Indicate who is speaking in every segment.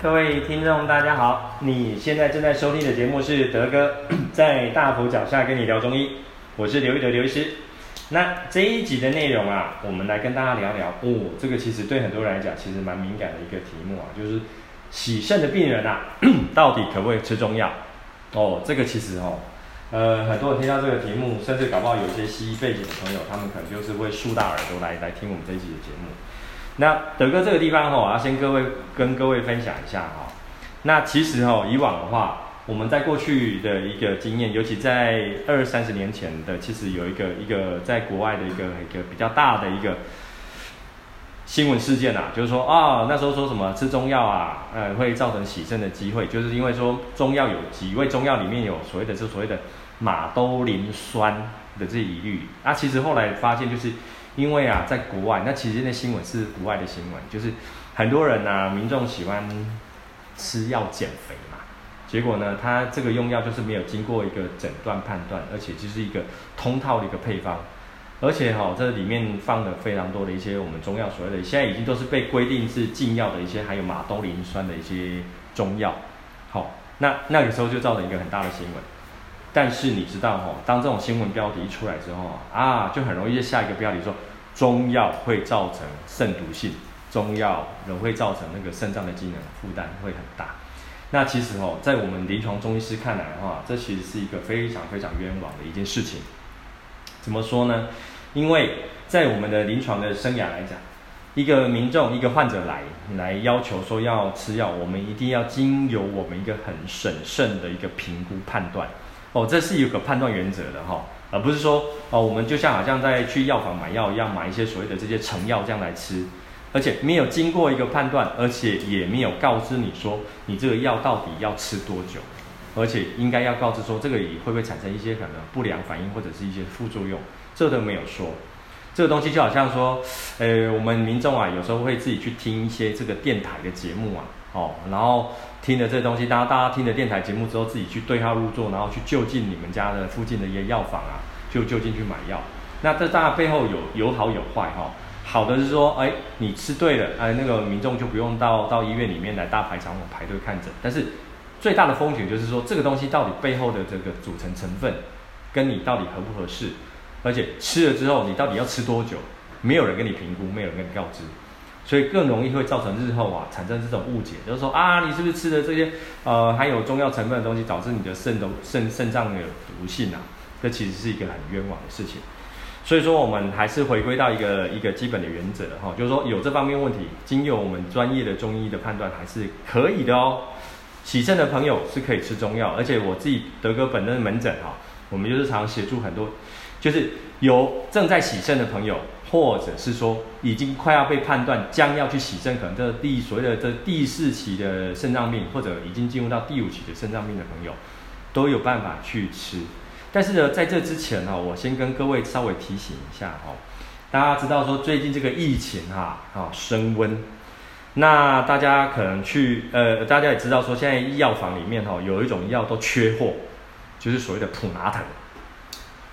Speaker 1: 各位聽眾，大家好！你現在正在收聽的節目是德哥在大佛腳下跟你聊中醫，我是劉一德劉醫師。那這一集的內容啊，我們來跟大家聊聊哦，這個其實對很多人來講其實蠻敏感的一個題目啊，就是洗腎的病人啊，到底可不可以吃中藥？哦，這個其實哦，呃，很多人聽到這個題目，甚至搞不好有些西醫背景的朋友，他們可能就是會豎大耳朵來來聽我們這一集的節目。那德哥這個地方哈，我要先各位跟各位分享一下哦，那其實哈，以往的話，我們在過去的一個經驗，尤其在二三十年前的，其實有一個一個在國外的一個一個比較大的一個新聞事件吶，啊，就是說啊，那時候說什麼吃中藥啊，呃，會造成洗腎的機會，就是因為說中藥有幾味中藥裡面有所謂的，是所謂的馬兜鈴酸。的這些疑慮那、啊、其實後來發現，就是因為啊，在國外，那其實那新聞是國外的新聞，就是很多人啊，民眾喜歡吃藥減肥嘛，結果呢，他這個用藥就是沒有經過一個診斷判斷，而且就是一個通套的一個配方，而且哈、哦，這裡面放了非常多的一些我們中藥，所謂的現在已經都是被規定是禁藥的一些含有馬兜鈴酸的一些中藥，好、哦，那那個時候就造成一個很大的新聞。但是你知道吼，當這種新聞標題一出來之後啊，就很容易下一個標題說中藥會造成腎毒性，中藥仍會造成那個腎臟的機能負擔會很大。那其實哦，在我們臨床中醫師看來的話，這其實是一個非常非常冤枉的一件事情。怎麼說呢？因為在我們的臨床的生涯來講，一個民眾一個患者來來要求說要吃藥，我們一定要經由我們一個很審慎的一個評估判斷。哦，這是有個判斷原則的哈，而不是說，哦，我們就像好像在去藥房買藥一樣，買一些所謂的這些成藥這樣來吃，而且沒有經過一個判斷，而且也沒有告知你說你這個藥到底要吃多久，而且應該要告知說這個也會不會產生一些可能不良反應或者是一些副作用，這個都沒有說，這個東西就好像說，呃，我們民眾啊，有時候會自己去聽一些這個電台的節目啊，哦，然後。聽了這東西，大家大家聽了電台節目之後，自己去對號入座，然後去就近你們家的附近的一些藥房啊，就就近去買藥。那這大概背後有有好有壞哈。好的是說，哎，你吃對了，哎，那個民眾就不用到到醫院裡面來大排長龍排隊看診。但是最大的風險就是說，這個東西到底背後的這個組成成分跟你到底合不合適，而且吃了之後你到底要吃多久，沒有人跟你評估，沒有人跟你告知。所以更容易會造成日後啊產生這種誤解，就是說啊，你是不是吃的這些呃含有中藥成分的東西，導致你的腎都腎腎臟的有毒性啊？這其實是一個很冤枉的事情。所以說我們還是回歸到一個一個基本的原則哈、哦，就是說有這方面問題，經由我們專業的中醫的判斷還是可以的哦。洗腎的朋友是可以吃中藥，而且我自己德哥本人的門診哈、哦，我們就是常常協助很多，就是有正在洗腎的朋友。或者是說已經快要被判斷將要去洗腎，可能這第所謂的這第四期的腎臟病，或者已經進入到第五期的腎臟病的朋友，都有辦法去吃。但是呢，在這之前呢、哦，我先跟各位稍微提醒一下哦。大家知道說最近這個疫情哈啊，啊升溫，那大家可能去呃，大家也知道說現在醫藥房裡面哈、哦，有一種藥都缺貨，就是所謂的普拿疼。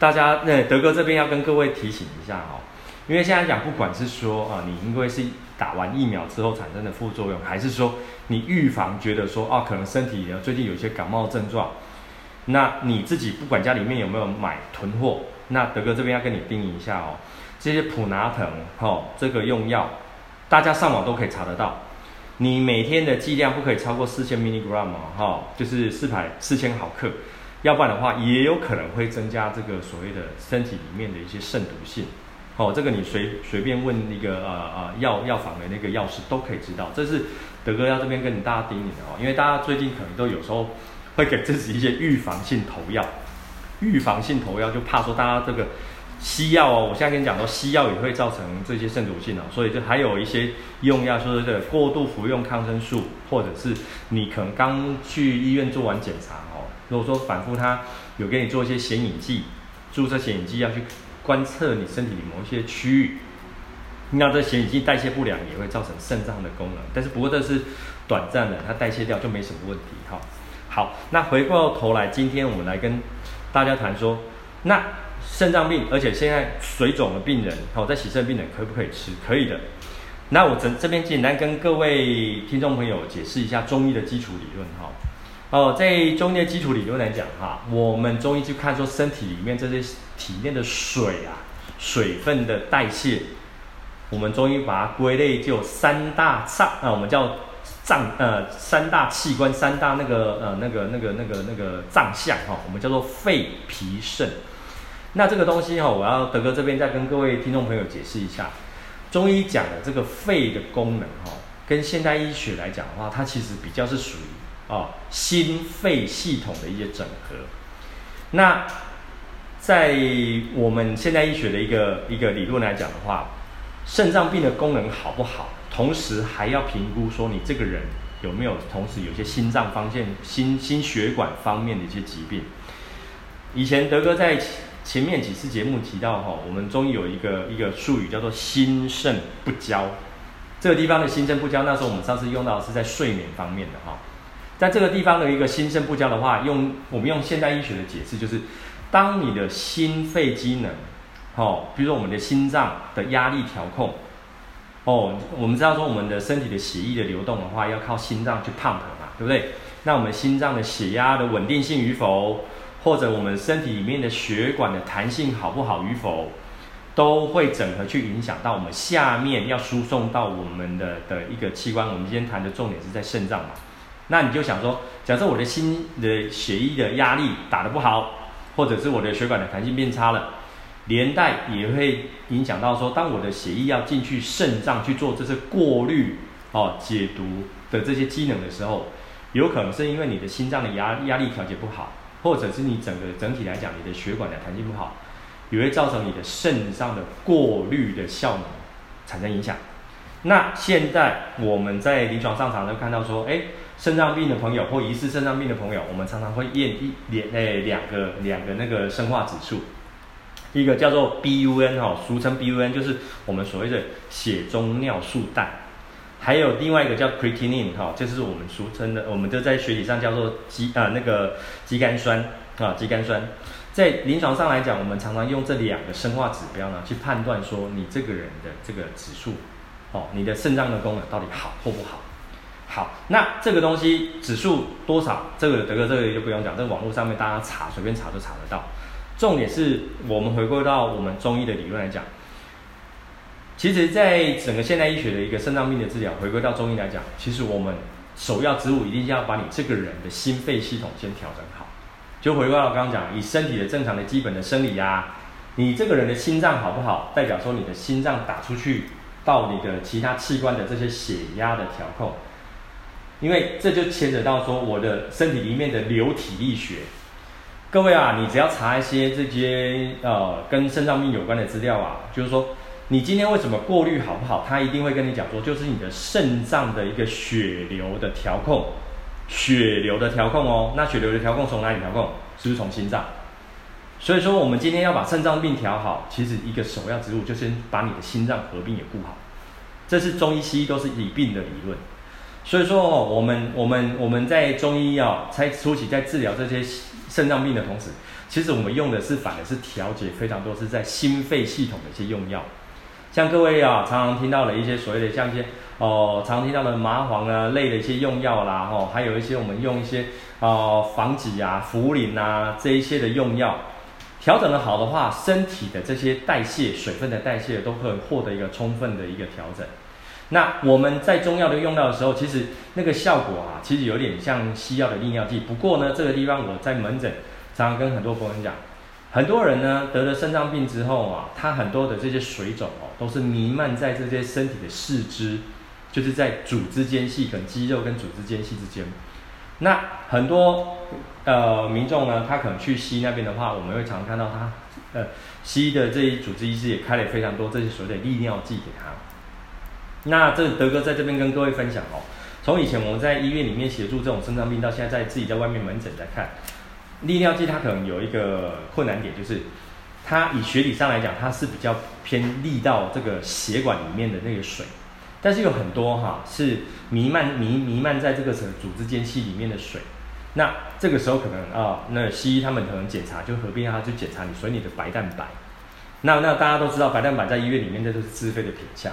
Speaker 1: 大家那德哥這邊要跟各位提醒一下哈、哦。因為現在講，不管是說啊，你因為是打完疫苗之後產生的副作用，還是說你預防覺得說，啊可能身體最近有些感冒症狀，那你自己不管家裡面有沒有買囤貨，那德哥這邊要跟你叮嚀一下哦。這些普拿疼哈、哦，這個用藥大家上網都可以查得到。你每天的劑量不可以超過四千 milligram 哈，就是四百四千毫克，要不然的話也有可能會增加這個所謂的身體裡面的一些腎毒性。哦，這個你隨隨便問那個呃呃、啊、藥藥房的那個藥師都可以知道。這是德哥要這邊跟你大家叮嚀的哦，因為大家最近可能都有時候會給自己一些預防性投藥，預防性投藥就怕說大家這個西藥哦，我現在跟你講說西藥也會造成這些腎毒性哦，所以就還有一些用藥就是這個過度服用抗生素，或者是你可能剛去醫院做完檢查哦，如果說反覆他有給你做一些顯影劑注射顯影劑要去。觀測你身體裡某一些區域，那這顯影劑代謝不良也會造成腎臟的功能，但是不過這是短暫的，它代謝掉就沒什麼問題哈。好，那回過頭來，今天我們來跟大家談說，那腎臟病，而且現在水腫的病人，好在洗腎病人可不可以吃？可以的。那我這這邊簡單跟各位聽眾朋友解釋一下中醫的基礎理論哈。哦，在中醫的基礎理論來講哈，我們中醫就看說身體裡面這些體內的水啊，水分的代謝，我們中醫把它歸類就三大臟啊、呃，我們叫臟呃三大器官三大那個呃那個那個那個那個臟象哈，我們叫做肺脾腎。那這個東西哈，我要德哥這邊再跟各位聽眾朋友解釋一下，中醫講的這個肺的功能哈，跟現代醫學來講的話，它其實比較是屬於。哦，心肺系統的一些整合。那在我們現代醫學的一個一個理論來講的話，腎臟病的功能好不好，同時還要評估說你這個人有沒有同時有些心臟方面、心心血管方面的一些疾病。以前德哥在前面幾次節目提到哈、哦，我們中醫有一個一個術語叫做“心腎不交”，這個地方的心腎不交，那時候我們上次用到的是在睡眠方面的哈。哦在這個地方的一個心腎不交的話，用我們用現代醫學的解釋就是，當你的心肺機能，哦，比如說我們的心臟的壓力調控，哦，我們知道說我們的身體的血液的流動的話，要靠心臟去 pump 嘛，對不對？那我們心臟的血壓的穩定性與否，或者我們身體裡面的血管的彈性好不好與否，都會整合去影響到我們下面要輸送到我們的的一個器官。我們今天談的重點是在腎臟嘛。那你就想說，假設我的心的血液的壓力打得不好，或者是我的血管的彈性變差了，連帶也會影響到說，當我的血液要進去腎臟去做這些過濾、哦解毒的這些機能的時候，有可能是因為你的心臟的壓壓力調節不好，或者是你整個整體來講你的血管的彈性不好，也會造成你的腎臟的過濾的效能產生影響。那現在我們在臨床上常常看到說，哎。腎臟病的朋友或疑似腎臟病的朋友，我們常常會驗一兩，誒兩個兩個那個生化指數，一個叫做 BUN 哈，俗稱 BUN 就是我們所謂的血中尿素氮，還有另外一個叫 creatinine 哈，這是我們俗稱的，我們就在學理上叫做肌啊、呃、那個肌酐酸啊，肌酐酸，在臨床上來講，我們常常用這兩個生化指標呢去判斷說你這個人的這個指數哦，你的腎臟的功能到底好或不好。好，那這個東西指數多少？這個德哥這個就不用講，這個網絡上面大家查，隨便查都查得到。重點是我們回歸到我們中醫的理論來講，其實，在整個現代醫學的一個腎臟病的治療，回歸到中醫來講，其實我們首要之務一定要把你這個人的心肺系統先調整好。就回歸到剛剛講，以身體的正常的基本的生理呀、啊，你這個人的心臟好不好，代表說你的心臟打出去到你的其他器官的這些血壓的調控。因為這就牽扯到說我的身體裡面的流體力學，各位啊，你只要查一些這些呃跟腎臟病有關的資料啊，就是說你今天為什麼過濾好不好，他一定會跟你講說，就是你的腎臟的一個血流的調控，血流的調控哦，那血流的調控從哪裡調控？是不是從心臟？所以說我們今天要把腎臟病調好，其實一個首要之務就先把你的心臟合併也顧好，這是中醫西醫都是以病的理論。所以說哦，我們我們我們在中醫藥、啊、才初期在治療這些腎臟病的同時，其實我們用的是反的是調節，非常多是在心肺系統的一些用藥。像各位啊，常常聽到了一些所謂的像一些哦，常聽到的麻黃啊類的一些用藥啦，吼、哦，還有一些我們用一些呃防己啊、茯苓啊這一些的用藥，調整得好的話，身體的這些代謝、水分的代謝都會獲得一個充分的一個調整。那我們在中藥的用藥的時候，其實那個效果啊，其實有點像西藥的利尿劑。不過呢，這個地方我在門診常常跟很多朋友講，很多人呢得了腎臟病之後啊，他很多的這些水腫哦，都是瀰漫在這些身體的四肢，就是在組織間隙跟肌肉跟組織間隙之間。那很多呃民眾呢，他可能去西醫那邊的話，我們會常看到他呃西醫的這些主治醫師也開了非常多這些所謂的利尿劑給他。那這德哥，在這邊跟各位分享哦，從以前我們在醫院裡面協助這種腎臟病，到現在，在自己在外面門診在看利尿劑，它可能有一個困難點，就是它以學理上來講，它是比較偏利到這個血管裡面的那個水，但是有很多哈、啊、是彌漫彌彌漫在這個組織間隙裡面的水，那這個時候可能啊，那西醫他們可能檢查就合併讓他去檢查你隨你的白蛋白，那那大家都知道白蛋白在醫院裡面這就是自費的品項。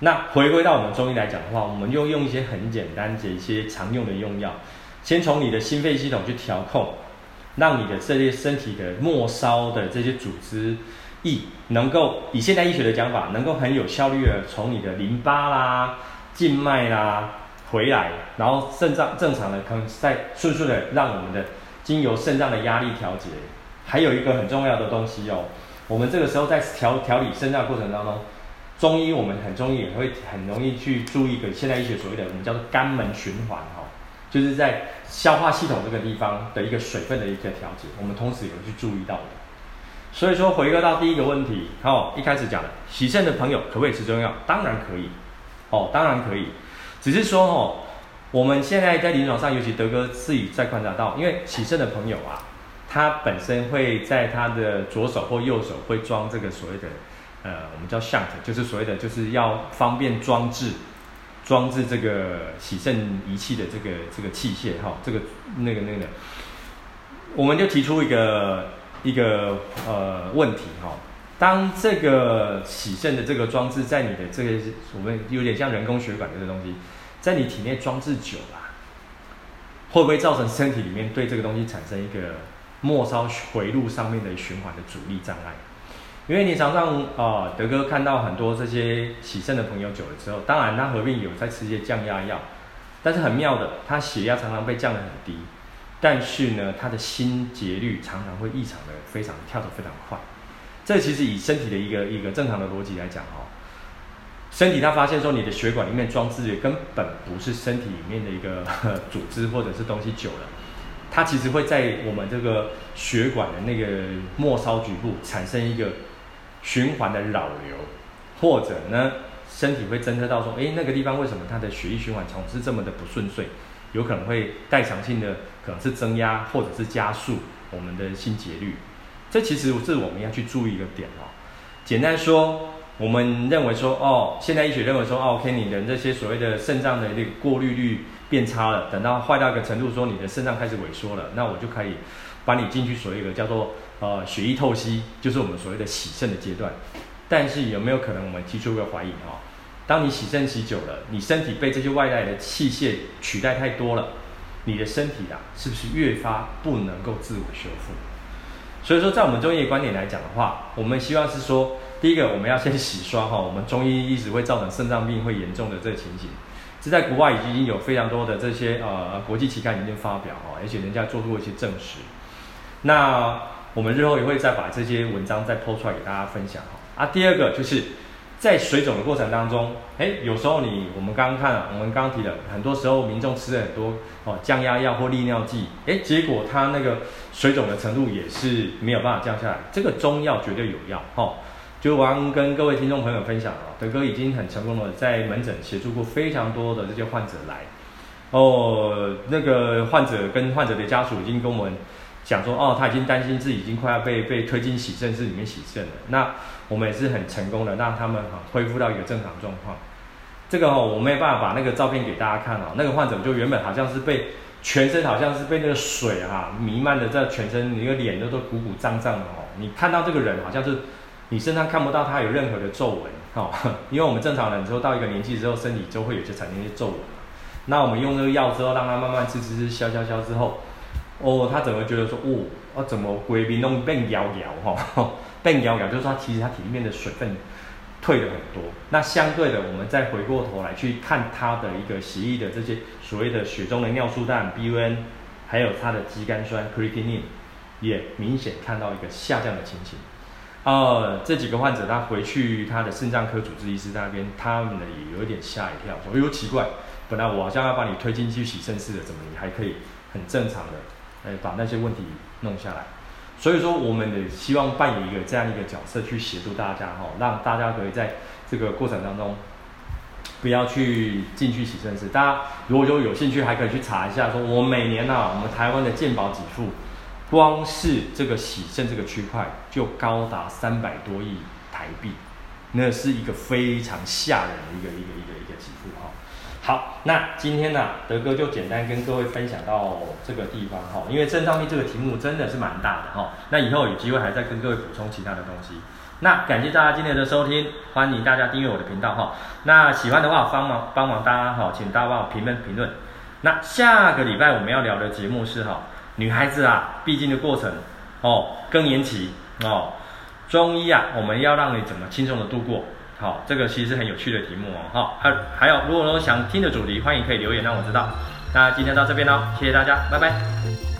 Speaker 1: 那回歸到我們中醫來講的話，我們又用一些很簡單的一些常用的用藥，先從你的心肺系統去調控，讓你的這些身體的末梢的這些組織液，能夠以現代醫學的講法，能夠很有效率的從你的淋巴啦、靜脈啦回來，然後腎臟正常的，可能再迅速的讓我們的經由腎臟的壓力調節。還有一個很重要的東西哦，我們這個時候在調調理腎臟的過程當中。中醫我們很中醫也會很容易去注意在一個現代醫學所謂的我們叫做肝門循環哈，就是在消化系統這個地方的一個水分的一個調節，我們同時也會去注意到的。所以說回歸到第一個問題好，好一開始講了，洗腎的朋友可不可以吃中藥？當然可以，哦當然可以，只是說哦我們現在在臨床上，尤其德哥自己在觀察到，因為洗腎的朋友啊，他本身會在他的左手或右手會裝這個所謂的。呃，我們叫 shunt，就是所謂的就是要方便裝置裝置這個洗腎儀器的這個這個器械哈，這個那個那個，我們就提出一個一個呃問題哈，當這個洗腎的這個裝置在你的這些我們有點像人工血管的這個東西，在你體內裝置久了，會不會造成身體裡面對這個東西產生一個末梢回路上面的循環的阻力障礙？因為你常常啊、哦，德哥看到很多這些洗腎的朋友久了之後，當然他合併有在吃一些降壓藥，但是很妙的，他血壓常常被降得很低，但是呢，他的心節律常常會異常的非常跳得非常快。這其實以身體的一個一個正常的邏輯來講、哦，哈，身體它發現說你的血管裡面的裝置根本不是身體裡面的一個組織或者是東西久了，它其實會在我們這個血管的那個末梢局部產生一個。循環的擾流，或者呢，身體會偵測到說，哎，那個地方為什麼它的血液循環總是這麼的不順遂？有可能會代償性的，可能是增壓或者是加速我們的心結率。這其實是我們要去注意一個點哦。簡單說，我們認為說，哦，現在醫學認為說，哦，OK，你的那些所謂的腎臟的那個過濾率變差了，等到壞到一個程度說，說你的腎臟開始萎縮了，那我就可以把你進去所謂的叫做。呃，血液透析就是我們所謂的洗腎的階段，但是有沒有可能我們提出一個懷疑哈、哦？當你洗腎洗久了，你身體被這些外來的器械取代太多了，你的身體啊是不是越發不能夠自我修復？所以說，在我們中醫的觀點來講的話，我們希望是說，第一個我們要先洗刷哈、哦，我們中醫一直會造成腎臟病會嚴重的這個情形，這在國外已經有非常多的這些呃國際期刊已經發表哈、哦，而且人家做出了一些證實，那。我們日後也會再把這些文章再 PO 出來給大家分享哈啊,啊。第二個就是，在水腫的過程當中，哎，有時候你我們剛剛看了，我們剛、啊、我們剛提了，很多時候民眾吃了很多哦降壓藥或利尿劑，哎，結果他那個水腫的程度也是沒有辦法降下來。這個中藥絕對有藥哈、哦。就我剛剛跟各位聽眾朋友分享了、哦，德哥已經很成功了，在門診協助過非常多的這些患者來哦，那個患者跟患者的家屬已經跟我們。講說哦，他已經擔心自己已經快要被被推進洗腎室裡面洗腎了。那我們也是很成功的，讓他們哈恢復到一個正常狀況。這個哈、哦、我沒辦法把那個照片給大家看哦。那個患者，就原本好像是被全身好像是被那個水哈、啊、彌漫的在全身，那個臉都都鼓鼓脹脹的哦。你看到這個人好像是你身上看不到他有任何的皺紋哦，因為我們正常人之後到一個年紀之後身體就會有些產生一些皺紋。那我們用這個藥之後，讓他慢慢滋滋滋消消消之後。哦，他怎麼覺得說，哦，啊、怎麼貴賓弄笨妖嬈哈？笨妖嬈就是他其實他體裡面的水分退了很多。那相對的，我們再回過頭來去看他的一個血液的這些所謂的血中的尿素氮 BUN，還有他的肌酐酸 creatinine 也明顯看到一個下降的情形。呃，這幾個患者他回去，他的腎臟科主治醫師那邊，他們呢也有點嚇一跳，說喲、哎、奇怪，本來我好像要把你推進去洗腎似的，怎麼你還可以很正常的？哎，把那些問題弄下來，所以說我們也希望扮演一個這樣一個角色，去協助大家哈、哦，讓大家可以在這個過程當中，不要去進去洗腎池。大家如果又有興趣，還可以去查一下，說我每年呢、啊，我們台灣的健保指數，光是這個洗腎這個區塊就高達三百多億台幣，那是一個非常嚇人的一個一個一個一個指數。好，那今天呢、啊，德哥就簡單跟各位分享到這個地方哈，因為正上面這個題目真的是蠻大的哈，那以後有機會還再跟各位補充其他的東西。那感謝大家今天的收聽，歡迎大家訂閱我的頻道哈。那喜歡的話幫忙幫忙大家哈，請大家幫我評論評論。那下個禮拜我們要聊的節目是哈，女孩子啊，必經的過程哦，更年期哦，中醫啊，我們要讓你怎麼輕鬆的度過。好，這個其實是很有趣的題目哦。好，還還有，如果說想聽的主題，歡迎可以留言讓我知道。那今天到這邊咯，謝謝大家，拜拜。